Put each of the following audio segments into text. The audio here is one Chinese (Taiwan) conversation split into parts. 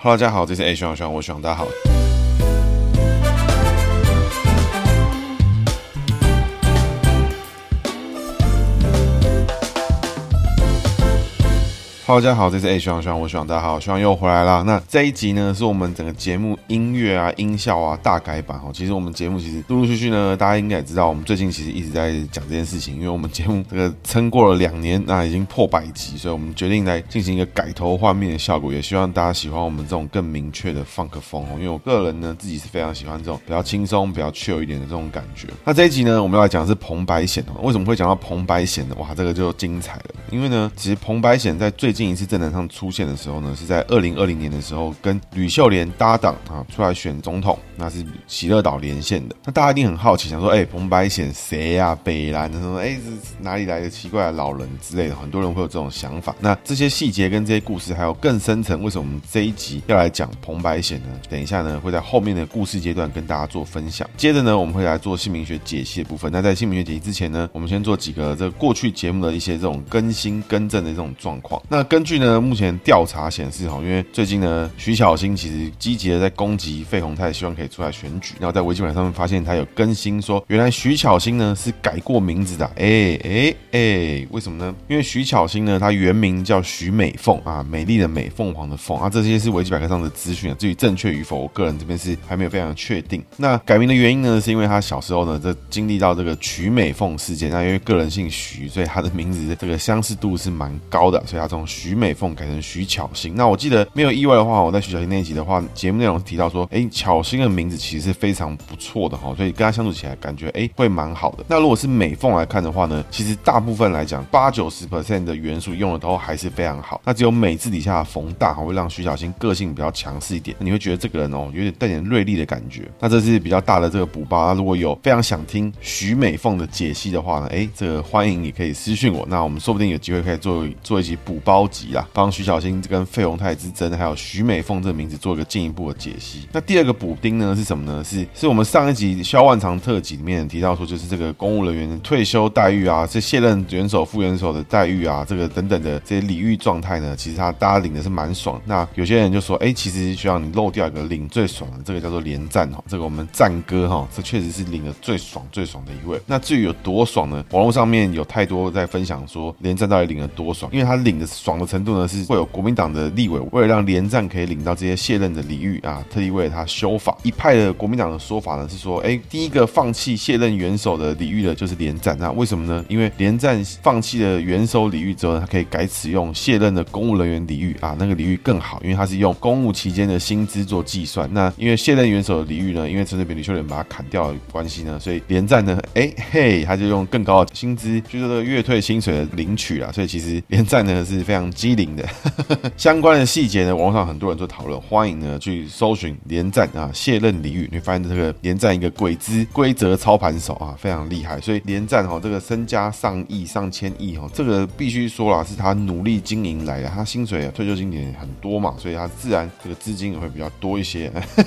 Hello，大家好，這是欸學長，學長，我是學長，大家好。好，Hello, 大家好，這是 A 學長學長，我學長，大家好，學長又回來啦。那這一集呢，是我們整個節目音樂啊、音效啊大改版哦、喔。其實我們節目其實陸陸續續呢，大家應該也知道，我們最近其實一直在講這件事情，因為我們節目這個撐過了兩年，那、啊、已經破百集，所以我們決定來進行一個改頭換面的效果，也希望大家喜歡我們這種更明確的放克風哦、喔。因為我個人呢，自己是非常喜歡這種比較輕鬆、比較 chill 一點的這種感覺。那這一集呢，我們要來講的是彭百顯哦。為什麼會講到彭百顯呢？哇，這個就精彩了，因為呢，其實彭百顯在最一次政壇上出現的時候呢，是在二零二零年的時候跟呂秀蓮搭檔啊，出來選總統，那是喜樂島連線的。那大家一定很好奇，想說，哎、欸，彭百顯誰啊？北蘭什說，哎，欸、是哪裡來的奇怪的、啊、老人之類的？很多人會有這種想法。那這些細節跟這些故事，還有更深層，為什麼我們這一集要來講彭百顯呢？等一下呢，會在後面的故事階段跟大家做分享。接着呢，我們會來做姓名學解析的部分。那在姓名學解析之前呢，我們先做幾個這個過去節目的一些這種更新更正的這種狀況。那根據呢，目前調查顯示，哈，因為最近呢，徐巧芯其實積極的在攻擊費鴻泰，希望可以出來選舉。然後在維基百科上面發現他有更新說，原來徐巧芯呢是改過名字的，哎哎哎，為什麼呢？因為徐巧芯呢，她原名叫徐美鳳啊，美麗的美，鳳凰的鳳啊，這些是維基百科上的資訊啊。至於正確與否，我個人這邊是還沒有非常確定。那改名的原因呢，是因為她小時候呢，就經歷到這個璩美鳳事件，那因為個人姓徐，所以她的名字這個相似度是蠻高的，所以她從。徐美鳳改成徐巧芯，那我記得沒有意外的話，我在徐巧芯那一集的話，節目內容提到說，哎，巧芯的名字其實是非常不錯的哈，所以跟他相處起來感覺哎會蠻好的。那如果是美鳳來看的話呢，其實大部分來講，八九十 percent 的元素用的都還是非常好。那只有美字底下的鳳大，會讓徐巧芯個性比較強勢一點，那你會覺得這個人哦有點帶點銳利的感覺。那這是比較大的這個補包，那如果有非常想聽徐美鳳的解析的話呢，哎，這個歡迎你可以私訊我，那我們說不定有機會可以做一做一集補包。級啊，幫徐小新跟費鴻泰之爭，還有徐美鳳這個名字做一個進一步的解析。那第二個補丁呢是什麼呢？是是我們上一集《蕭萬長特輯》裡面提到說，就是這個公務人員的退休待遇啊，這卸任元首副元首的待遇啊，這個等等的這些禮遇狀態呢，其實他大家領的是蠻爽。那有些人就說，哎，其實需要你漏掉一個領最爽的，這個叫做連戰哈，這個我們戰歌哈，這確實是領的最爽最爽的一位。那至於有多爽呢？網絡上面有太多在分享說，連戰到底領了多爽，因為他領的是爽。某程度呢是會有國民黨的立委為了讓連戰可以領到這些卸任的禮遇啊，特意為了他修法。一派的國民黨的說法呢是說，哎，第一個放棄卸任元首的禮遇的就是連戰，那為什麼呢？因為連戰放棄了元首禮遇之後呢，他可以改使用卸任的公務人員禮遇啊，那個禮遇更好，因為他是用公務期間的薪資做計算。那因為卸任元首的禮遇呢，因為陳水扁、李秀蓮把他砍掉了關係呢，所以連戰呢，哎嘿，他就用更高的薪資，就是這個月退薪水的領取啦，所以其實連戰呢是非常。非常機靈的 相關的細節呢，網上很多人都討論，歡迎呢去搜尋連戰啊卸任禮遇，你會發現這個連戰一個鬼子規則操盤手啊，非常厲害，所以連戰哈、哦、這個身家上億上千億哈、哦，這個必須說了是他努力經營來的，他薪水啊退休金也很多嘛，所以他自然這個資金也會比較多一些。他、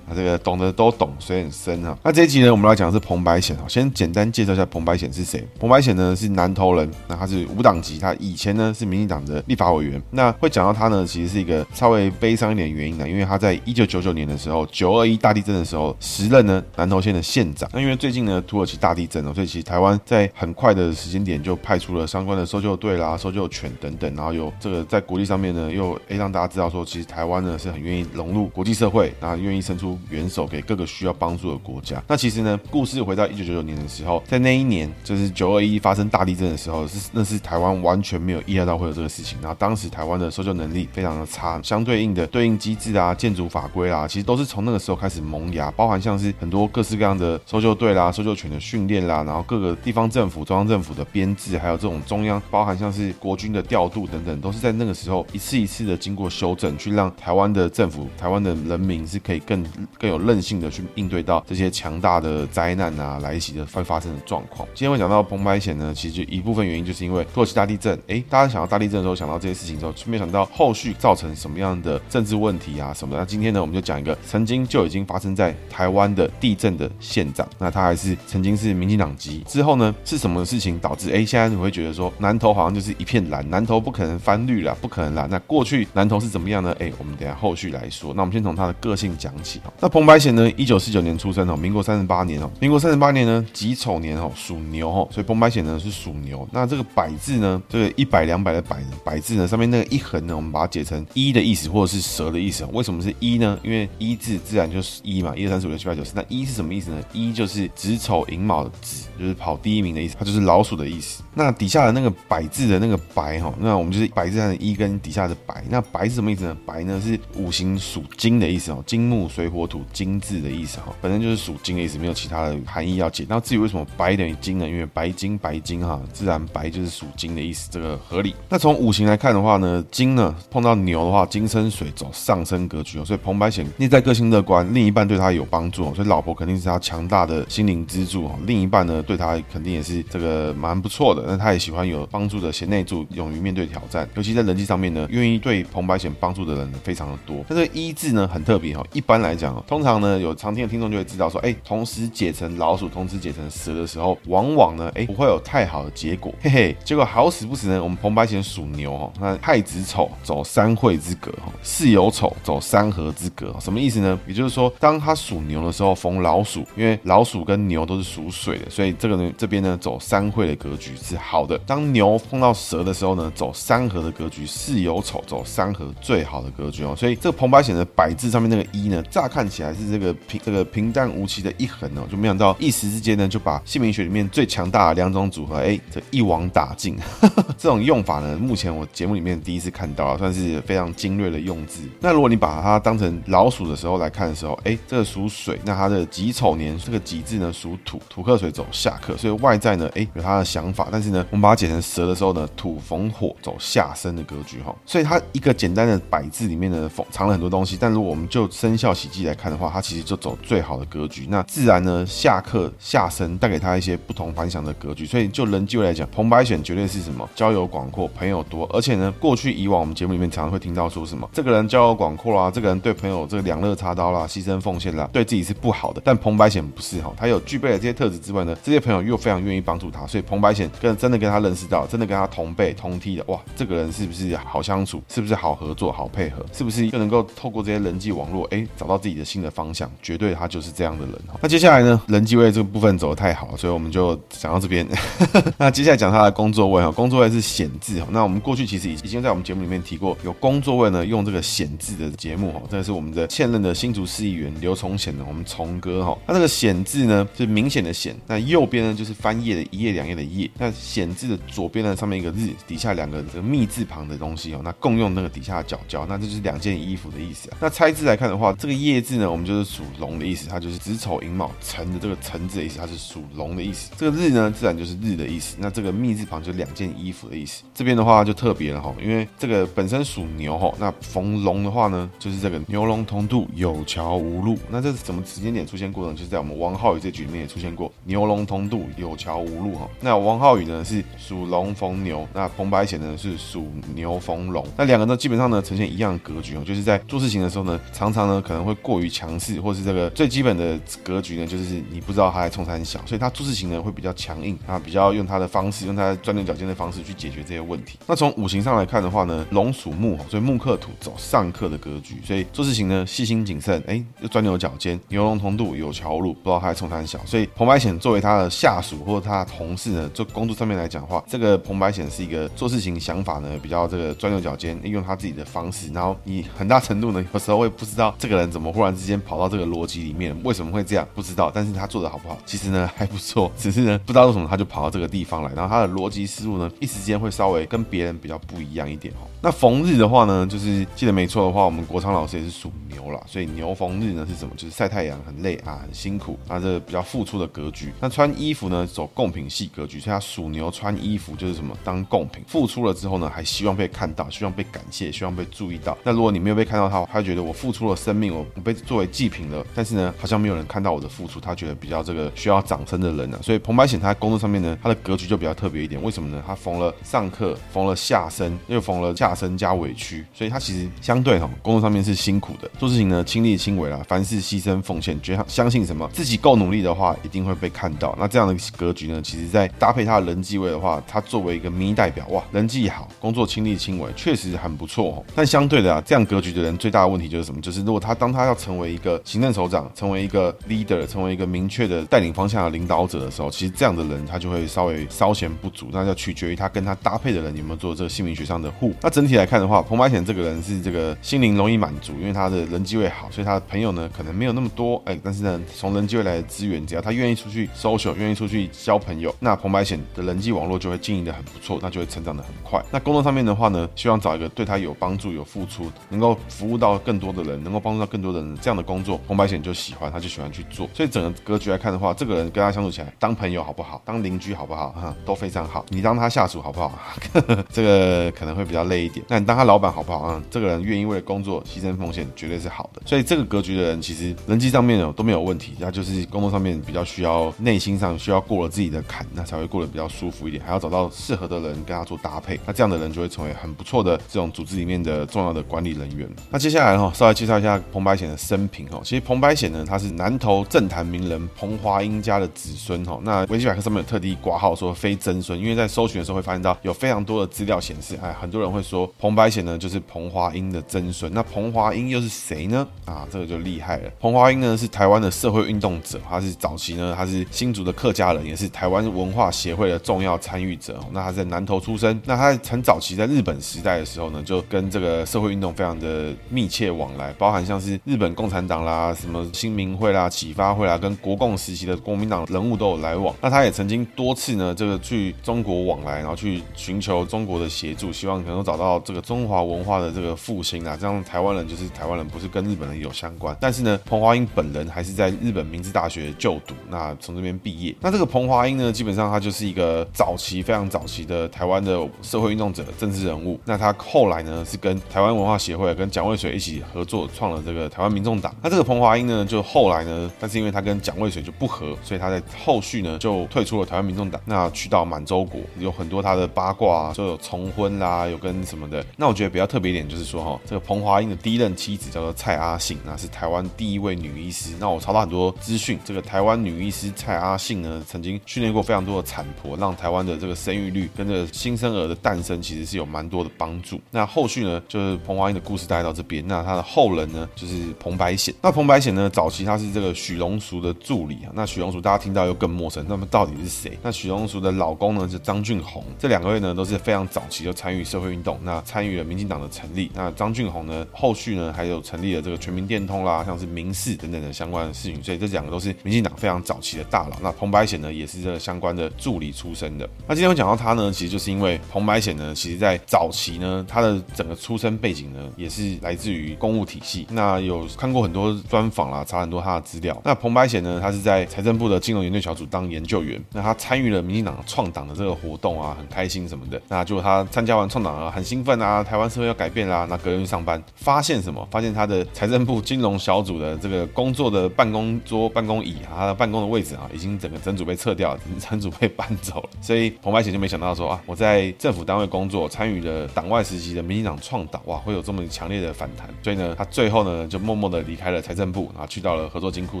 啊、這個懂得都懂，水很深啊。那這一集呢，我們來講的是彭百顯啊，先簡單介紹一下彭百顯是誰？彭百顯呢是南投人，那他是無黨籍，他以前呢是民黨的立法委員，那會講到他呢，其實是一個稍微悲傷一點的原因呢，因為他在一九九九年的時候，九二一大地震的時候，時任呢南投縣的縣長。那因為最近呢土耳其大地震了、喔，所以其實台灣在很快的時間點就派出了相關的搜救隊啦、搜救犬等等，然後有這個在國際上面呢又 A，讓大家知道說，其實台灣呢是很願意融入國際社會，然後願意伸出援手給各個需要幫助的國家。那其實呢，故事回到一九九九年的時候，在那一年就是九二一發生大地震的時候，是那是台灣完全沒有意料到會有。這個事情，然後當時台灣的搜救能力非常的差，相對應的對應機制啊、建築法規啊，其實都是從那個時候開始萌芽，包含像是很多各式各樣的搜救隊啦、啊、搜救犬的訓練啦、啊，然後各個地方政府、中央政府的編制，還有這種中央包含像是國軍的調度等等，都是在那個時候一次一次的經過修正，去讓台灣的政府、台灣的人民是可以更更有韌性的去應對到這些強大的災難啊來襲的會發生的狀況。今天會講到彭百顯呢，其實就一部分原因就是因為土耳其大地震，哎，大家想要大地震。地震的時候想到這些事情之後，卻沒想到後續造成什麼樣的政治問題啊什麼的。那今天呢，我們就講一個曾經就已經發生在台灣的地震的縣長。那他還是曾經是民進黨籍，之後呢是什麼事情導致？哎、欸，現在你會覺得說南投好像就是一片藍，南投不可能翻綠了，不可能啦。那過去南投是怎麼樣呢？哎、欸，我們等下後續來說。那我們先從他的個性講起。那彭百顯呢，一九四九年出生哦，民國三十八年哦。民國三十八年呢，己丑年哦，屬牛哦，所以彭百顯呢是屬牛。那這個百字呢，這個一百兩百的百。百字呢，上面那個一橫呢，我們把它解成一的意思，或者是蛇的意思。為什麼是一呢？因為一字自然就是一嘛，一二三四五六七八九十。那一是什麼意思呢？一就是子丑寅卯的子，就是跑第一名的意思，它就是老鼠的意思。那底下的那個百字的那個白哈，那我們就是百字上的一跟底下的白。那白是什麼意思呢？白呢是五行屬金的意思哦，金木水火土金字的意思哈，本身就是屬金的意思，沒有其他的含義要解。那至於為什麼白等於金呢？因為白金白金哈，自然白就是屬金的意思，這個合理。那從從五行來看的話呢，金呢碰到牛的話，金生水走，走上升格局哦。所以彭百顯內在個性樂觀，另一半對他有幫助、哦，所以老婆肯定是他強大的心靈支柱哦。另一半呢對他肯定也是這個蠻不錯的，那他也喜歡有幫助的賢內助，勇於面對挑戰，尤其在人際上面呢，願意對彭百顯幫助的人非常的多。但這一字呢很特別哈、哦，一般來講、哦，通常呢有常聽的聽眾就會知道說，哎，同時解成老鼠，同時解成蛇的時候，往往呢哎不會有太好的結果，嘿嘿，結果好死不死呢，我們彭百顯。屬牛哈，那亥子丑走三會之格哈，巳酉丑走三合之格，什麼意思呢？也就是說，當他屬牛的時候逢老鼠，因為老鼠跟牛都是屬水的，所以這個呢這邊呢走三會的格局是好的。當牛碰到蛇的時候呢，走三合的格局，巳酉丑走三合最好的格局哦。所以這個彭百顯的百字上面那個一呢，乍看起來是這個平這個平淡無奇的一橫哦，就沒想到一時之間呢就把姓名學裡面最強大的兩種組合哎，這一網打盡。 這種用法呢。目前我節目裡面第一次看到，算是非常精銳的用字。那如果你把它當成老鼠的時候來看的時候，哎，這個屬水，那它的己丑年這個己字呢屬土，土克水走下克，所以外在呢，哎，有它的想法。但是呢，我們把它剪成蛇的時候呢，土逢火走下身的格局哈。所以它一個簡單的百字裡面呢藏了很多東西。但如果我們就生肖喜忌來看的話，它其實就走最好的格局。那自然呢下克下身，帶給他一些不同凡響的格局。所以就人際來講，彭百顯絕對是什麼交友廣闊培。沒有多，而且呢，過去以往我們節目裡面常常會聽到說什麼，這個人交友廣闊啦、啊，這個人對朋友這個兩肋插刀啦，犧牲奉獻啦，對自己是不好的。但彭百顯不是哈、哦，他有具備了這些特質之外呢，這些朋友又非常願意幫助他，所以彭百顯跟真的跟他認識到，真的跟他同輩同梯的，哇，這個人是不是好相處，是不是好合作、好配合，是不是又能夠透過這些人際網絡，哎，找到自己的新的方向，絕對他就是這樣的人哈、哦。那接下來呢，人際位這個部分走得太好了，所以我們就講到這邊。 那接下來講他的工作位哈，工作位是顯字哈。那我們過去其實已已經在我們節目裡面提過，有工作位呢，用這個顯字的節目哦，這個是我們的現任的新竹市議員劉崇顯的，我們崇哥哈。那這個顯字呢，是明顯的顯，那右邊呢就是翻頁的一頁兩頁的頁。那顯字的左邊呢，上面一個日，底下兩個這個密字旁的東西哦，那共用那個底下的角角，那這就是兩件衣服的意思啊。那拆字來看的話，這個頁字呢，我們就是屬龍的意思，它就是子丑寅卯辰的這個辰字的意思，它是屬龍的意思。這個日呢，自然就是日的意思。那這個密字旁就是兩件衣服的意思，這邊呢。話就特別了哈，因為這個本身屬牛哈，那逢龍的話呢，就是這個牛龍同渡有橋無路。那這是什麼時間點出現過呢？就是在我們王浩宇這局面也出現過牛龍同渡有橋無路哈。那王浩宇呢是屬龍逢牛，那彭百顯呢是屬牛逢龍，那兩個呢基本上呢呈現一樣的格局哈，就是在做事情的時候呢，常常呢可能會過於強勢，或是這個最基本的格局呢，就是你不知道他還衝三小，所以他做事情呢會比較強硬，啊，比較用他的方式，用他的鑽牛角尖的方式去解決這些問題。那從五行上來看的話呢，龍屬木，所以木克土，走上克的格局，所以做事情呢細心謹慎，哎，又鑽牛角尖。牛龍同度有橋路，不知道他還冲他很小。所以彭百顯作為他的下屬或者他的同事呢，做工作上面來講的話，這個彭百顯是一個做事情想法呢比較這個鑽牛角尖，用他自己的方式。然後你很大程度呢，有時候會不知道這個人怎麼忽然之間跑到這個邏輯裡面，為什麼會這樣，不知道。但是他做的好不好，其實呢還不錯，只是呢不知道為什麼他就跑到這個地方來，然後他的邏輯思路呢一時間會稍微跟。別人比較不一樣一點哦。那逢日的話呢，就是記得沒錯的話，我們國昌老師也是屬牛啦，所以牛逢日呢是什麼？就是曬太陽很累啊，很辛苦啊，這個、比較付出的格局。那穿衣服呢，走貢品系格局，所以他屬牛穿衣服就是什麼？當貢品，付出了之後呢，還希望被看到，希望被感謝，希望被注意到。那如果你沒有被看到他，他就覺得我付出了生命，我被作為祭品了，但是呢，好像沒有人看到我的付出，他覺得比較這個需要掌聲的人啊。所以彭百顯他在工作上面呢，他的格局就比較特別一點。為什麼呢？他逢了上課，逢了下身，又逢了下。身加委屈，所以他其實相對哈，工作上面是辛苦的，做事情呢親力親為啦，凡事犧牲奉獻，覺得相信什麼，自己夠努力的話，一定會被看到。那這樣的格局呢，其實，在搭配他的人際位的話，他作為一個民意代表，哇，人際好，工作親力親為，確實很不錯。但相對的啊，這樣格局的人最大的問題就是什麼？就是如果他當他要成為一個行政首長，成為一個 leader，成為一個明確的帶領方向的領導者的時候，其實這樣的人他就會稍微稍嫌不足。那要取決於他跟他搭配的人有沒有做這個姓名學上的互補。那整體來看的話，彭百顯這個人是這個心靈容易滿足，因為他的人際位好，所以他的朋友呢可能沒有那麼多，哎，但是呢從人際位來的資源，只要他願意出去 social，願意出去交朋友，那彭百顯的人際網絡就會經營的很不錯，那就會成長的很快。那工作上面的話呢，希望找一個對他有幫助、有付出，能夠服務到更多的人，能夠幫助到更多的人這樣的工作，彭百顯就喜歡，他就喜歡去做。所以整個格局來看的話，這個人跟他相處起來，當朋友好不好？當鄰居好不好？哈，都非常好。你當他下屬好不好？呵呵，這個可能會比較累。一點，那你當他老闆好不好啊？這個人願意為了工作犧牲奉獻，絕對是好的。所以這個格局的人，其實人際上面呢，都沒有問題，那就是工作上面比較需要內心上需要過了自己的坎，那才會過得比較舒服一點，還要找到適合的人跟他做搭配。那這樣的人就會成為很不錯的這種組織裡面的重要的管理人員。那接下來呢、哦，稍微介紹一下彭百顯的生平哦。其實彭百顯呢，他是南投政壇名人彭華英家的子孫哦。那維基百科上面有特地掛號說非曾孫，因為在搜尋的時候會發現到有非常多的資料顯示，哎，很多人會說。說彭百顯呢，就是彭華英的曾孫。那彭華英又是誰呢？啊，這個就厲害了。彭華英呢，是台灣的社會運動者。他是早期呢，他是新竹的客家人，也是台灣文化協會的重要參與者。那他在南投出生。那他很早期在日本時代的時候呢，就跟這個社會運動非常的密切往來，包含像是日本共產黨啦、什麼新民會啦、啟發會啦，跟國共時期的國民黨人物都有來往。那他也曾經多次呢，這個去中國往來，然後去尋求中國的協助，希望能夠找到，到這個中華文化的這個復興啊，這樣台灣人就是台灣人，不是跟日本人有相關。但是呢，彭華英本人還是在日本明治大學就讀，那從這邊畢業。那這個彭華英呢，基本上他就是一個早期非常早期的台灣的社會運動者、政治人物。那他後來呢，是跟台灣文化協會、跟蔣渭水一起合作，創了這個台灣民眾黨。那這個彭華英呢，就後來呢，但是因為他跟蔣渭水就不合，所以他在後續呢，就退出了台灣民眾黨，那去到滿洲國，有很多他的八卦啊，就有重婚啦啊，有跟什麼。什麼的？那我覺得比較特別一點就是說，哈，這個彭華英的第一任妻子叫做蔡阿信，那是台灣第一位女醫師。那我查到很多資訊，這個台灣女醫師蔡阿信呢，曾經訓練過非常多的產婆，讓台灣的這個生育率跟這個新生兒的誕生其實是有蠻多的幫助。那後續呢，就是彭華英的故事帶到這邊。那他的後人呢，就是彭百顯。那彭百顯呢，早期他是這個許榮淑的助理啊。那許榮淑大家聽到又更陌生，那麼到底是誰？那許榮淑的老公呢是張俊宏，這兩個人呢都是非常早期就參與社會運動。那參與了民進黨的成立，那張俊宏呢，後續呢，還有成立了這個全民電通啦，像是民視等等的相關的事情，所以這兩個都是民進黨非常早期的大佬。那彭百顯呢，也是這個相關的助理出身的。那今天會講到他呢，其實就是因為彭百顯呢，其實在早期呢，他的整個出身背景呢，也是來自於公務體系。那有看過很多專訪啦，查很多他的資料。那彭百顯呢，他是在財政部的金融研究小組當研究員。那他參與了民進黨創黨的這個活動啊，很開心什麼的。那就他參加完創黨啊，很興。興奮啊！台灣社會要改變啦、啊！那隔天去上班，發現什麼？發現他的財政部金融小組的這個工作的辦公桌、辦公椅啊，他的辦公的位置啊，已經整個整組被撤掉了，整個整組被搬走了。所以彭百顯就沒想到說啊，我在政府單位工作，參與了黨外時期的民進黨創黨，哇，會有這麼強烈的反彈。所以呢，他最後呢，就默默的離開了財政部，然後去到了合作金庫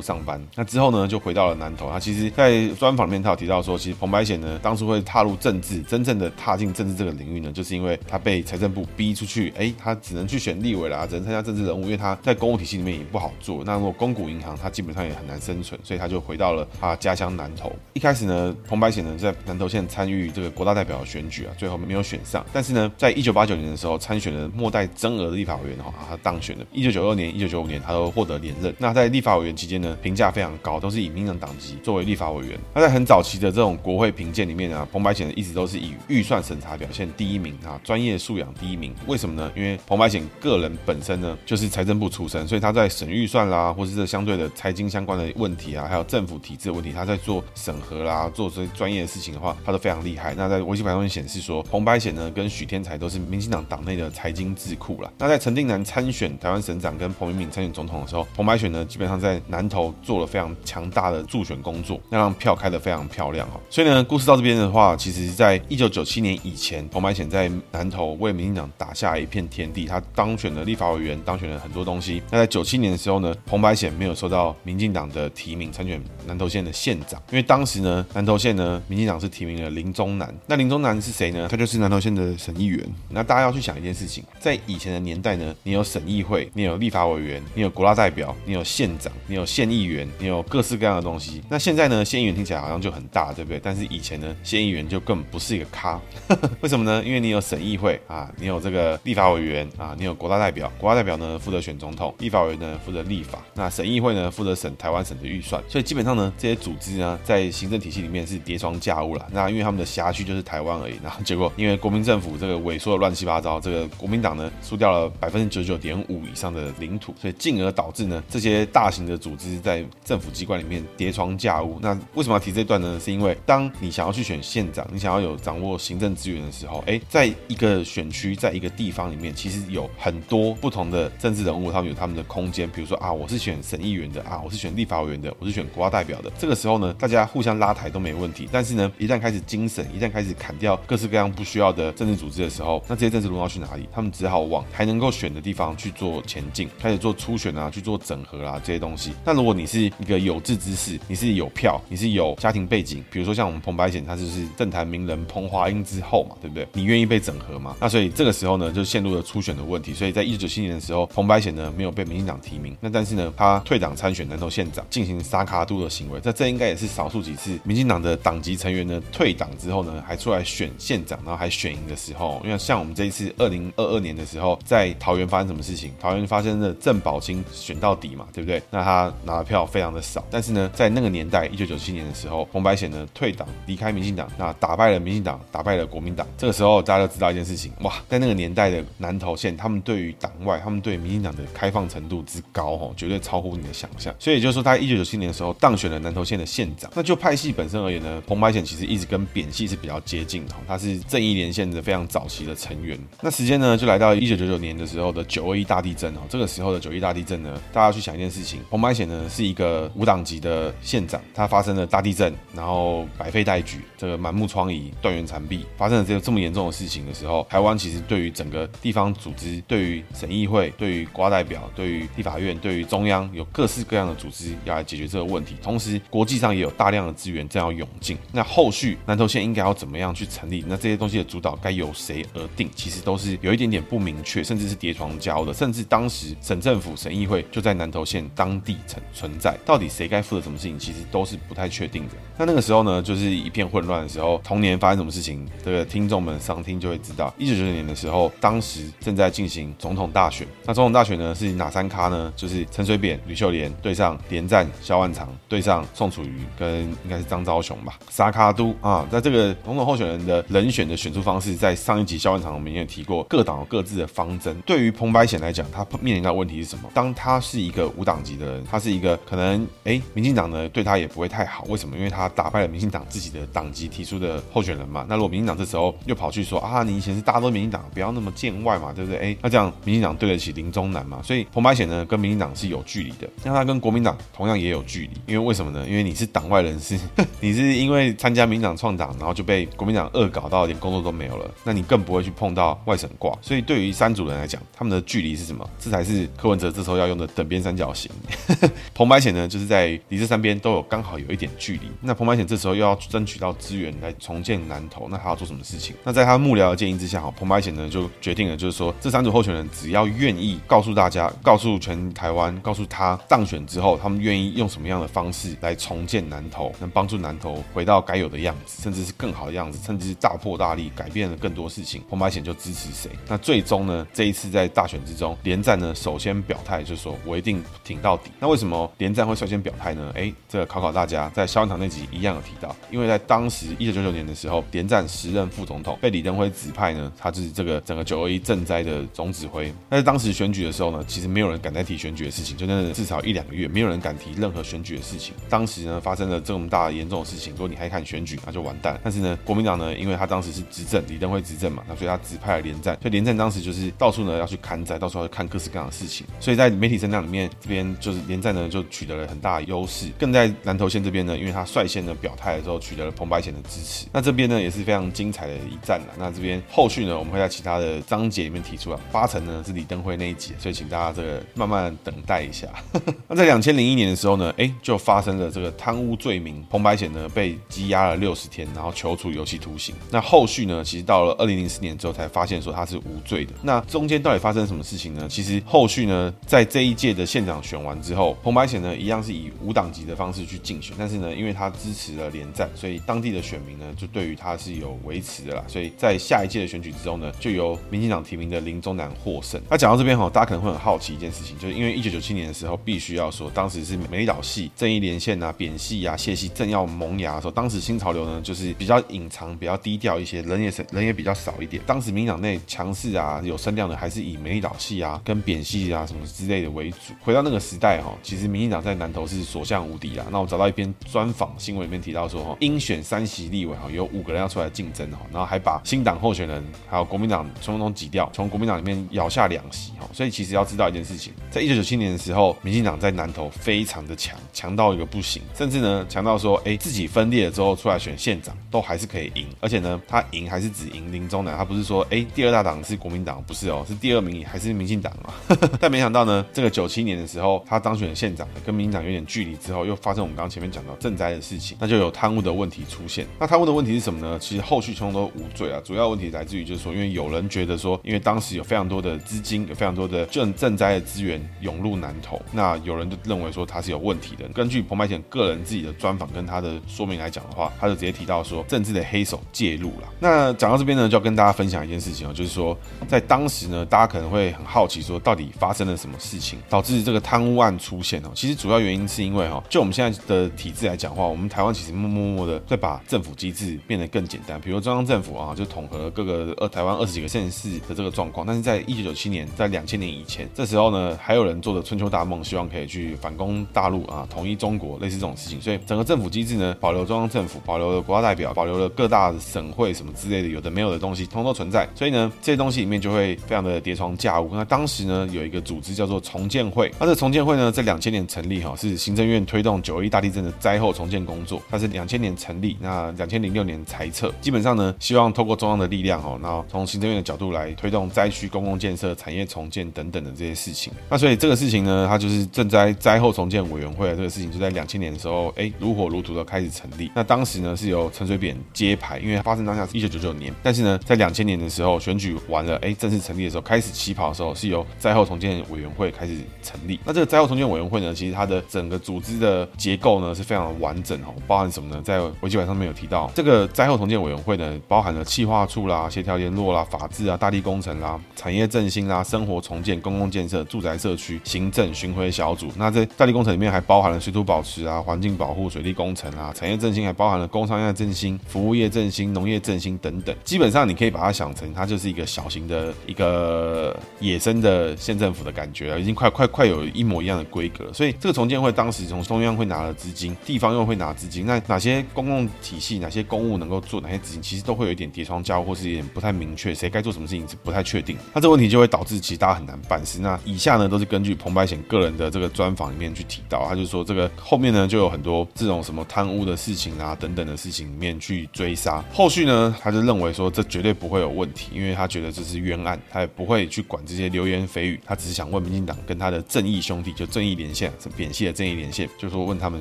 上班。那之後呢，就回到了南投。他、啊、其實在專訪裡面他有提到說，其實彭百顯呢，當初會踏入政治，真正的踏進政治這個領域呢，就是因為他被。財政部逼出去，哎，他只能去選立委啦，只能參加政治人物，因為他在公務體系裡面也不好做。那如果公股銀行他基本上也很難生存，所以他就回到了他家鄉南投。一開始呢，彭百顯，呢在南投縣參與這個國大代表的選舉啊，最後沒有選上。但是呢，在一九八九年的時候參選了末代增額的立法委員的話、啊，他當選了。一九九二年、一九九五年他都獲得連任。那在立法委員期間呢，評價非常高，都是以民進黨籍作為立法委員。那在很早期的這種國會評鑑裡面啊，彭百顯一直都是以預算審查表現第一名啊，專業。素養第一名，為什麼呢？因為彭百顯個人本身呢，就是財政部出身，所以他在審預算啦，或者是這相對的財經相關的問題啊，還有政府體制的問題，他在做審核啦，做這些專業的事情的話，他都非常厲害。那在維基百科上面顯示說，彭百顯呢跟許添財都是民進黨黨內的財經智庫啦。那在陳定南參選台灣省長跟彭明敏參選總統的時候，彭百顯呢基本上在南投做了非常強大的助選工作，那讓票開得非常漂亮哦。所以呢，故事到這邊的話，其實在一九九七年以前，彭百顯在南投。為民進黨打下一片天地，他當選了立法委員，當選了很多東西。那在九七年的時候呢，彭百顯沒有收到民進黨的提名參選南投縣的縣長，因為當時呢，南投縣呢，民進黨是提名了林宗南。那林宗南是誰呢？他就是南投縣的省議員。那大家要去想一件事情，在以前的年代呢，你有省議會，你有立法委員，你有國大代表，你有縣長，你有縣議員，你有各式各樣的東西。那現在呢，縣議員聽起來好像就很大，對不對？但是以前呢，縣議員就更不是一個咖。 為什麼呢？因為你有省議會。啊，你有這個立法委員啊，你有國大代表，國大代表呢負責選總統，立法委員呢負責立法，那省議會呢負責省台灣省的預算，所以基本上呢，這些組織呢在行政體系裡面是疊床架屋了。那因為他們的轄區就是台灣而已，然後結果因為國民政府這個萎縮的亂七八糟，這個國民黨呢輸掉了百分之九十九點五以上的領土，所以進而導致呢這些大型的組織在政府機關裡面疊床架屋。那為什麼要提這段呢？是因為當你想要去選縣長，你想要有掌握行政資源的時候，哎，在一個選選區在一個地方裡面，其實有很多不同的政治人物，他們有他們的空間。比如說啊，我是選省議員的啊，我是選立法委員的，我是選國家代表的。這個時候呢，大家互相拉抬都沒問題。但是呢，一旦開始精省，一旦開始砍掉各式各樣不需要的政治組織的時候，那這些政治人物要去哪裡？他們只好往還能夠選的地方去做前進，開始做初選啊，去做整合啊。這些東西。那如果你是一個有志之士，你是有票，你是有家庭背景，比如說像我們彭百顯，他就是政壇名人彭華英之後嘛，對不對？你願意被整合嗎？那所以這個時候呢，就陷入了初選的問題。所以在一九九七年的時候，彭百顯呢沒有被民進黨提名。那但是呢，他退黨參選南投縣長，進行殺卡度的行為。那這應該也是少數幾次民進黨的黨籍成員呢退黨之後呢，還出來選縣長，然後還選贏的時候。因為像我們這一次二零二二年的時候，在桃園發生什麼事情？桃園發生的鄭寶清選到底嘛，對不對？那他拿的票非常的少。但是呢，在那個年代，一九九七年的時候，彭百顯呢退黨離開民進黨，那打敗了民進黨，打敗了民進黨，打敗了國民黨。這個時候大家都知道一件事情。哇，在那個年代的南投縣，他們對於黨外、他們對民進黨的開放程度之高，哦，絕對超乎你的想象。所以，就是說，在一九九七年的時候，當選了南投縣的縣長。那就派系本身而言呢，彭百顯其實一直跟扁系是比較接近，吼，他是正義連線的非常早期的成員。那時間呢，就來到一九九九年的時候的九二一大地震，哦，這個時候的九二一大地震呢，大家要去想一件事情，彭百顯呢是一個無黨籍的縣長，他發生了大地震，然後百廢待舉，這個滿目瘡痍、斷垣殘壁，發生了這這麼嚴重的事情的時候，還。其實對於整個地方組織、對於省議會、對於國代表、對於立法院、對於中央，有各式各樣的組織要來解決這個問題。同時，國際上也有大量的資源正要湧進。那後續南投縣應該要怎麼樣去成立？那這些東西的主導該由誰而定？其實都是有一點點不明確，甚至是疊床架屋。甚至當時省政府、省議會就在南投縣當地存存在，到底誰該負責什麼事情，其實都是不太確定的。那那個時候呢，就是一片混亂的時候。同年發生什麼事情，這個聽眾們上聽就會知道。九九年的時候，當時正在進行總統大選。那總統大選呢是哪三咖呢？就是陳水扁、呂秀蓮對上連戰、蕭萬長對上宋楚瑜跟應該是張昭雄吧。三咖都啊，在這個總統候選人的人選的選出方式，在上一集蕭萬長我們也提過，各黨各自的方針。對於彭百顯來講，他面臨到的問題是什麼？當他是一個無黨籍的人，他是一個可能哎、欸，民進黨呢對他也不會太好。為什麼？因為他打敗了民進黨自己的黨籍提出的候選人嘛。那如果民進黨這時候又跑去說啊，你以前是大大多民進黨不要那麼見外嘛，對不對？哎、欸，那這樣民進黨對得起林中南嘛？所以彭百顯呢，跟民進黨是有距離的，那他跟國民黨同樣也有距離，因為為什麼呢？因為你是黨外人士，你是因為參加民進黨創黨，然後就被國民黨惡搞到一點工作都沒有了，那你更不會去碰到外省掛。所以對於三組人來講，他們的距離是什麼？這才是柯文哲這時候要用的等邊三角形。呵呵，彭百顯呢，就是在離這三邊都有剛好有一點距離。那彭百顯這時候又要爭取到資源來重建南投，那他要做什麼事情？那在他幕僚的建議之下。好，彭百顯呢，就決定了，就是說這三組候選人只要願意告訴大家、告訴全台灣、告訴他當選之後，他們願意用什麼樣的方式來重建南投，能幫助南投回到該有的樣子，甚至是更好的樣子，甚至是大破大立，改變了更多事情，彭百顯就支持誰。那最終呢，這一次在大選之中，連戰呢首先表態就是說，我一定挺到底。那為什麼連戰會率先表態呢？哎、欸，這個、考考大家，在蕭文堂那集一樣有提到，因為在當時一九九九年的時候，連戰時任副總統，被李登輝指派呢。他就是這個整個九二一賑災的總指揮。但是當時選舉的時候呢，其實沒有人敢再提選舉的事情，就那至少一兩個月，沒有人敢提任何選舉的事情。當時呢，發生了這麼大嚴重的事情，說你還看選舉，那就完蛋。但是呢，國民黨呢，因為他當時是執政，李登輝執政嘛，那所以他指派了連戰，所以連戰當時就是到處呢要去勘災，到處要去看各式各樣的事情。所以在媒體聲量裡面，這邊就是連戰呢就取得了很大的優勢，更在南投縣這邊呢，因為他率先的表態的時候，取得了彭百顯的支持。那這邊呢也是非常精彩的一戰了。那這邊後續。我們會在其他的章節裡面提出啊，八成呢是李登輝那一集，所以請大家這個慢慢等待一下。 那在兩千零一年的時候呢，哎，就發生了這個貪汙罪名，彭百顯呢被羈押了六十天，然後求處有期徒刑。那後續呢，其實到了二零零四年之後才發現說他是無罪的。那中間到底發生什麼事情呢？其實後續呢，在這一屆的縣長選完之後，彭百顯呢一樣是以無黨籍的方式去競選，但是呢，因為他支持了連戰，所以當地的選民呢就對於他是有維持的啦。所以在下一屆的選舉。之後呢，就由民進黨提名的林宗男獲勝。那講到這邊哈、哦，大家可能會很好奇一件事情，就是因為一九九七年的時候，必須要說當時是美麗島系、正義連線啊扁系啊、謝系正要萌芽的時候，當時新潮流呢就是比較隱藏、比較低調一些，人也是人也比較少一點。當時民進黨內強勢啊、有聲量的還是以美麗島系啊、跟扁系啊什麼之類的為主。回到那個時代哈，其實民進黨在南投是所向無敵啦。那我找到一篇專訪新聞裡面提到說，哈，應選三席立委哈，有五個人要出來競爭哈，然後還把新黨候選人。還有國民黨從中擠掉，從國民黨裡面咬下兩席哈，所以其實要知道一件事情，在一九九七年的時候，民進黨在南投非常的強，強到一個不行，甚至呢強到說，哎，自己分裂了之後出來選縣長都還是可以贏，而且呢他贏還是只贏林宗男，他不是說哎、欸、第二大黨是國民黨，不是哦、喔，是第二名還是民進黨嘛？但沒想到呢，這個九七年的時候他當選縣長跟民進黨有點距離之後，又發生我們剛前面講到賑災的事情，那就有貪污的問題出現。那貪污的問題是什麼呢？其實後續全都無罪啊，主要問題來自於就是。說，因為有人覺得說，因為當時有非常多的資金，有非常多的賑賑災的資源湧入南投，那有人就認為說他是有問題的。根據彭百顯個人自己的專訪跟他的說明來講的話，他就直接提到說政治的黑手介入了。那講到這邊呢，就要跟大家分享一件事情哦，就是說在當時呢，大家可能會很好奇說到底發生了什麼事情導致這個貪污案出現哦。其實主要原因是因為哈，就我們現在的體制來講的話，我們台灣其實默默的在把政府機制變得更簡單，比如中央政府啊，就統合各個。台灣二十幾個縣市的這個狀況，但是在一九九七年，在兩千年以前，這時候呢，還有人做的春秋大夢，希望可以去反攻大陸啊，統一中國，類似這種事情。所以整個政府機制呢，保留中央政府，保留了國家代表，保留了各大省會什麼之類的，有的沒有的東西，通通存在。所以呢，這些東西裡面就會非常的疊床架屋。那當時呢，有一個組織叫做重建會，那這重建會呢，在兩千年成立哈，是行政院推動九二一大地震的災後重建工作，它是兩千年成立，那兩千零六年裁撤，基本上呢，希望透過中央的力量哈，那。從行政院的角度來推動災區公共建設、產業重建等等的這些事情。那所以這個事情呢，它就是賑災災後重建委員會、啊、這個事情，就在兩千年的時候，哎，如火如荼的開始成立。那當時呢是由陳水扁揭牌，因為發生當下是一九九九年，但是呢在兩千年的時候選舉完了，哎，正式成立的時候開始起跑的時候，是由災後重建委員會開始成立。那這個災後重建委員會呢，其實它的整個組織的結構呢是非常的完整哦，包含什麼呢？在維基百科上面有提到，這個災後重建委員會呢，包含了企劃處啦、協調。聯絡啦、啊，法治啊，大地工程啦、啊，產業振興啦、啊，生活重建、公共建設、住宅社區、行政巡迴小組。那在大地工程裡面還包含了水土保持啊、環境保護、水利工程啊、產業振興，還包含了工商業振興、服務業振興、農業振興等等。基本上你可以把它想成，它就是一個小型的一個野生的縣政府的感覺啊，已經快快快有一模一樣的規格了。所以這個重建會當時從中央會拿了資金，地方又會拿資金。那哪些公共體系，哪些公務能夠做哪些資金，其實都會有一點疊床架屋或是有點不太。太明確，誰該做什麼事情是不太確定，那這個問題就會導致其實大家很難辦事。那以下呢都是根據彭百顯個人的這個專訪裡面去提到，他就說這個後面呢就有很多這種什麼貪污的事情啊等等的事情裡面去追殺。後續呢他就認為說這絕對不會有問題，因為他覺得這是冤案，他也不會去管這些流言蜚語，他只是想問民進黨跟他的正義兄弟，就正義連線是扁系的正義連線，就是說問他們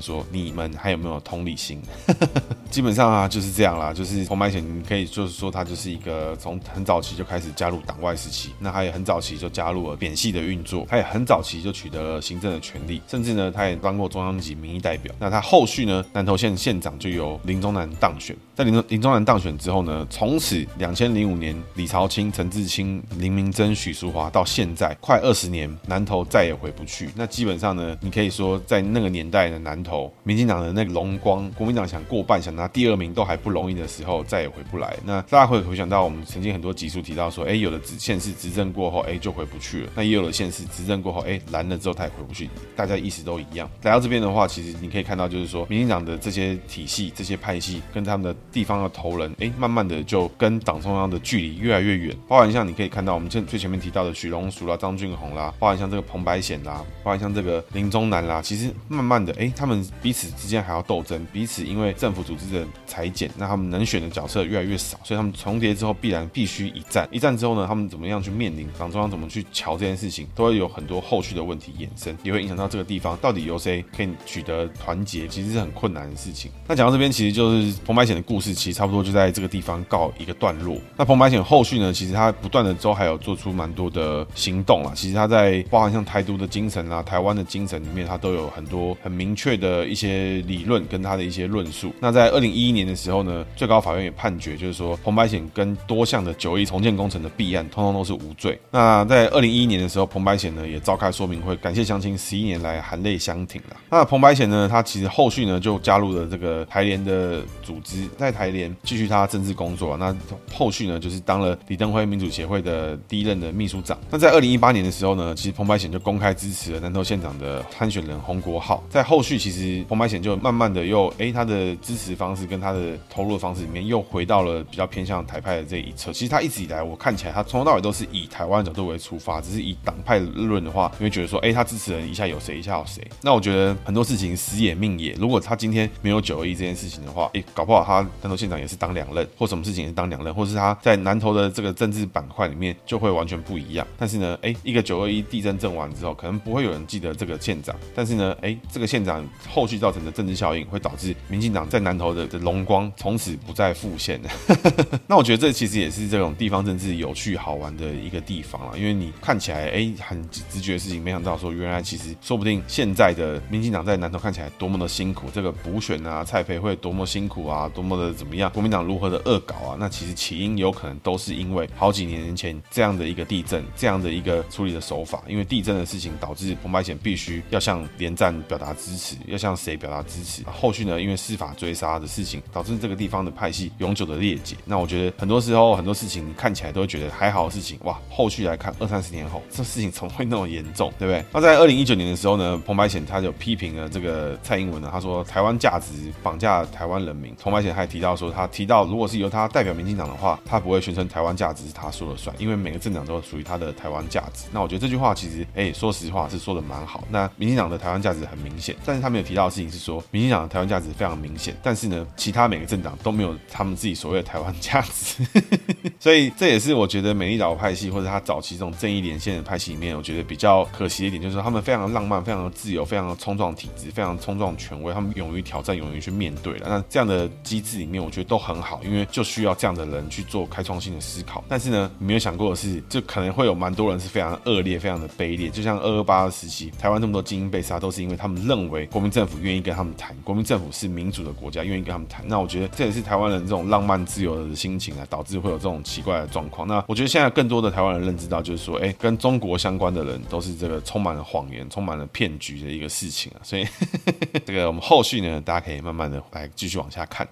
說你們還有沒有同理心？ 基本上啊就是這樣啦，就是彭百顯可以就是說他就是一個。從很早期就開始加入黨外時期，那他也很早期就加入了扁系的運作，他也很早期就取得了行政的權力，甚至呢，他也當過中央級民意代表。那他後續呢，南投縣的縣長就由林宗男當選，在林林宗男當選之後呢，從此兩千零五年李朝卿、陳志清、林明溱、許淑華到現在快二十年，南投再也回不去。那基本上呢，你可以說在那個年代的南投，民進黨的那個榮光，國民黨想過半想拿第二名都還不容易的時候，再也回不來。那大家會回想到我們。曾經很多集數提到說，哎、欸，有的縣市執政過後，哎、欸，就回不去了。那也有的縣市執政過後，哎、欸，藍了之後他也回不去。大家意思都一樣。來到這邊的話，其實你可以看到，就是說民進黨的這些體系、這些派系跟他們的地方的頭人，哎、欸，慢慢的就跟黨中央的距離越來越遠。包含像你可以看到，我們最最前面提到的許榮淑啦、張俊宏啦，包含像這個彭百顯啦，包含像這個林宗男啦，其實慢慢的，哎、欸，他們彼此之間還要鬥爭，彼此因為政府組織的裁剪，那他們能選的角色越來越少，所以他們重疊之後必然。必須一戰，一戰之後呢，他們怎麼樣去面臨黨中央怎麼去瞧這件事情，都會有很多後續的問題衍生，也會影響到這個地方到底由誰可以取得團結，其實是很困難的事情。那講到這邊，其實就是彭百顯的故事，其實差不多就在這個地方告一個段落。那彭百顯後續呢，其實他不斷的之後還有做出蠻多的行動啦，其實他在包含像台獨的精神啊、台灣的精神裡面，他都有很多很明確的一些理論跟他的一些論述。那在二零一一年的時候呢，最高法院也判決，就是說彭百顯跟多項的九億重建工程的弊案，通通都是無罪。那在二零一一年的時候，彭百顯呢，也召開說明會，感謝鄉親十一年來含淚相挺了。那彭百顯呢，他其實後續呢就加入了這個台聯的組織，在台聯繼續他政治工作。那後續呢就是當了李登輝民主協會的第一任的秘書長。那在二零一八年的時候呢，其實彭百顯就公開支持了南投縣長的參選人洪國浩。在後續其實彭百顯就慢慢的又誒，他的支持方式跟他的投入的方式裡面又回到了比較偏向台派的這一。其實他一直以來，我看起來他從頭到尾都是以台灣的角度為出發，只是以黨派論的話，因為覺得說，哎、欸，他支持人一下有誰，一下有誰。那我覺得很多事情時也命也，如果他今天沒有九二一這件事情的話，哎、欸，搞不好，他南投縣長也是當兩任，或什麼事情也是當兩任，或是他在南投的這個政治板塊裡面就會完全不一樣。但是呢，哎、欸，一個九二一地震震完之後，可能不會有人記得這個縣長，但是呢，哎、欸，這個縣長後續造成的政治效應，會導致民進黨在南投的的榮光從此不再復現。 那我覺得這其實也。也是這種地方政治有趣好玩的一個地方了，因為你看起來哎、欸、很直覺的事情，沒想到說原來其實說不定現在的民進黨在南投看起來多麼的辛苦，這個補選啊蔡培慧多麼辛苦啊，多麼的怎麼樣，國民黨如何的惡搞啊，那其實起因有可能都是因為好幾年前這樣的一個地震，這樣的一個處理的手法，因為地震的事情導致彭百顯必須要向連戰表達支持，要向誰表達支持，啊。後續呢因為司法追殺的事情，導致這個地方的派系永久的裂解。那我覺得很多時候。後很多事情你看起來都會覺得還好，事情哇，後續來看二三十年後，這事情怎麼會那麼嚴重，對不對？那在二零一九年的時候呢，彭百顯他就批評了這個蔡英文呢，他說台灣價值綁架台灣人民。彭百顯還提到說，他提到如果是由他代表民進黨的話，他不會宣稱台灣價值是他說了算，因為每個政黨都屬於他的台灣價值。那我覺得這句話其實，誒、欸，說實話是說的蠻好。那民進黨的台灣價值很明顯，但是他沒有提到的事情是說，說民進黨的台灣價值非常明顯，但是呢，其他每個政黨都沒有他們自己所謂的台灣價值。 所以這也是我覺得美麗島派系或者他早期這種正義連線的派系裡面，我覺得比較可惜一點，就是說他們非常的浪漫、非常的自由、非常的衝撞體制、非常衝撞權威，他們勇於挑戰、勇於去面對了。那這樣的機制裡面，我覺得都很好，因為就需要這樣的人去做開創性的思考。但是呢，你沒有想過的是，就可能會有蠻多人是非常惡劣、非常的卑劣。就像二二八的時期，台灣這麼多精英被殺，都是因為他們認為國民政府願意跟他們談，國民政府是民主的國家，願意跟他們談。那我覺得這也是台灣人這種浪漫自由的心情啊，導致。會有這種奇怪的狀況。那我覺得現在更多的台灣人認知到，就是說，哎、欸，跟中國相關的人都是這個充滿了謊言、充滿了騙局的一個事情啊。所以， 這個我們後續呢，大家可以慢慢的來繼續往下看。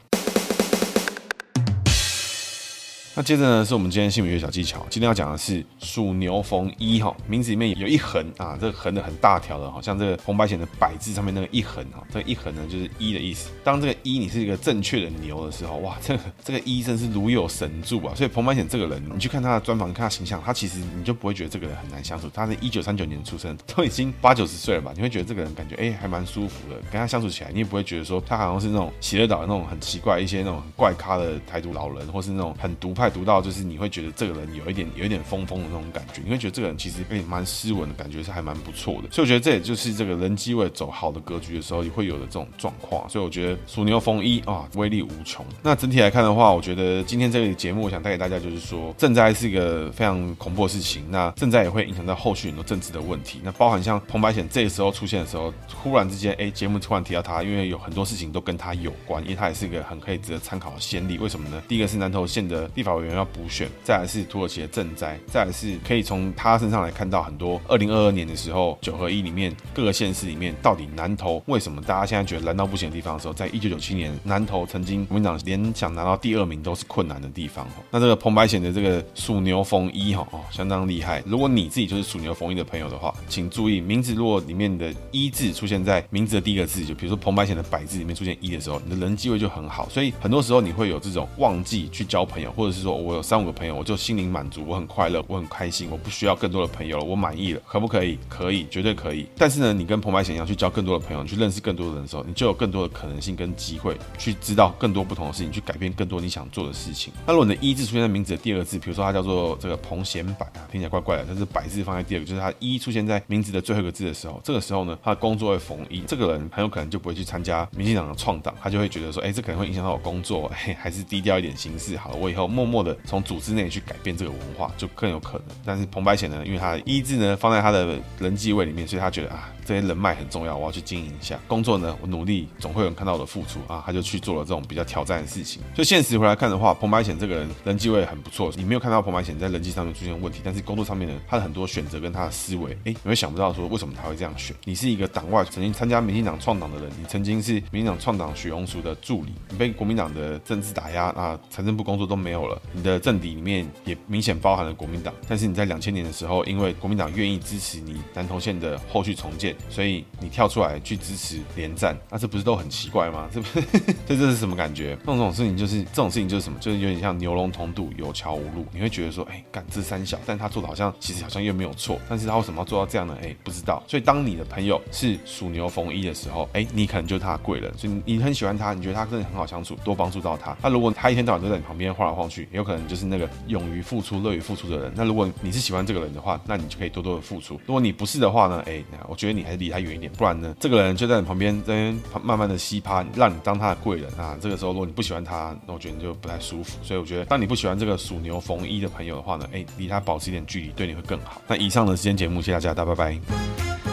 那接着呢，是我們今天姓名學小技巧。今天要講的是屬牛逢一哈，名字裡面有一橫啊，這個橫的很大條的，好像這個彭百顯的百字上面那個一橫哈，這個一橫呢就是一的意思。當這個一你是一個正確的牛的時候，哇，這個這個一真是如有神助啊。所以彭百顯這個人，你去看他的專訪，看他形象，他其實你就不會覺得這個人很難相處。他是一九三九年出生，都已經八九十歲了吧？你會覺得這個人感覺哎、欸、還蠻舒服的，跟他相處起來，你也不會覺得說他好像是那種喜樂島的那種很奇怪一些那種怪咖的台獨老人，或是那種很獨派。快讀到就是你會覺得這個人有一點有一點瘋瘋的那種感覺，你會覺得這個人其實哎、欸、蠻斯文的感覺是還蠻不錯的，所以我覺得這也就是這個人機位走好的格局的時候也會有的這種狀況，所以我覺得屬牛逢一啊威力無窮。那整體來看的話，我覺得今天這個節目我想帶給大家就是說震災是一個非常恐怖的事情，那震災也會影響到後續很多政治的問題，那包含像彭百顯這個時候出現的時候，忽然之間哎、欸、節目突然提到他，因為有很多事情都跟他有關，因為他也是一個很可以值得參考的先例。為什麼呢？第一個是南投縣的地方。黨員要補選，再來是土耳其的賑災，再來是可以從他身上來看到很多。二零二二年的時候，九合一裡面各個縣市裡面，到底南投為什麼大家現在覺得難到不行的地方？的時候，在一九九七年南投曾經國民黨連想拿到第二名都是困難的地方。那這個彭百顯的這個屬牛逢一哈哦，相當厲害。如果你自己就是屬牛逢一的朋友的話，請注意名字如果裡面的一字出現在名字的第一個字，就比如說彭百顯的百字裡面出現一的時候，你的人際位就很好。所以很多時候你會有這種忘記去交朋友，或者是。說我有三五個朋友，我就心靈滿足，我很快樂，我很開心，我不需要更多的朋友了，我滿意了，可不可以？可以，絕對可以。但是呢，你跟彭百顯一樣去交更多的朋友，你去認識更多的人的時候，你就有更多的可能性跟機會去知道更多不同的事情，去改變更多你想做的事情。那如果你的一字出現在名字的第二個字，比如說他叫做這個彭顯百啊，聽起來怪怪的，但是百字放在第二個，就是他一出現在名字的最後一個字的時候，這個時候呢，他的工作會逢一，這個人很有可能就不會去參加民進黨的創黨，他就會覺得說，哎、欸，這可能會影響到我工作，欸、還是低調一點行事好了，我以後默默。默的從組織內去改變這個文化，就更有可能，但是彭百顯呢，因為他意志呢，放在他的人際位裡面，所以他覺得啊。這些人脈很重要，我要去經營一下工作呢。我努力，總會有人看到我的付出啊。他就去做了這種比較挑戰的事情。所以現實回來看的話，彭百顯這個人人際位很不錯。你沒有看到彭百顯在人際上面出現問題，但是工作上面呢，他的很多選擇跟他的思維，哎，你會想不到說為什麼他會這樣選。你是一個黨外，曾經參加民進黨創黨的人，你曾經是民進黨創黨許榮淑的助理，你被國民黨的政治打壓啊，財政部工作都沒有了。你的政敵裡面也明顯包含了國民黨，但是你在兩千年的時候，因為國民黨願意支持你南投縣的後續重建。所以你跳出來去支持連戰，那、啊、這不是都很奇怪嗎？是不是？這這是什麼感覺？這種事情就是，這種事情就是什麼，就是有點像牛龍同渡，有橋無路。你會覺得說，哎、欸，感知三小，但他做的好像，其實好像又沒有錯。但是他為什麼要做到這樣呢？哎、欸，不知道。所以當你的朋友是屬牛逢一的時候，哎、欸，你可能就他貴了。所以你很喜歡他，你覺得他真的很好相處，多幫助到他。那如果他一天到晚都在你旁邊晃來晃去，也有可能就是那個勇於付出、樂於付出的人。那如果你是喜歡這個人的話，那你就可以多多的付出。如果你不是的話呢？哎、欸，我覺得你。還是離他遠一點，不然呢，這個人就在你旁邊，在那邊慢慢的吸趴，讓你當他的貴人啊。這個時候，如果你不喜歡他，那我覺得你就不太舒服。所以我覺得，當你不喜歡這個屬牛逢一的朋友的話呢，哎，離他保持一點距離，對你會更好。那以上的時間節目，謝謝大家，大家拜拜。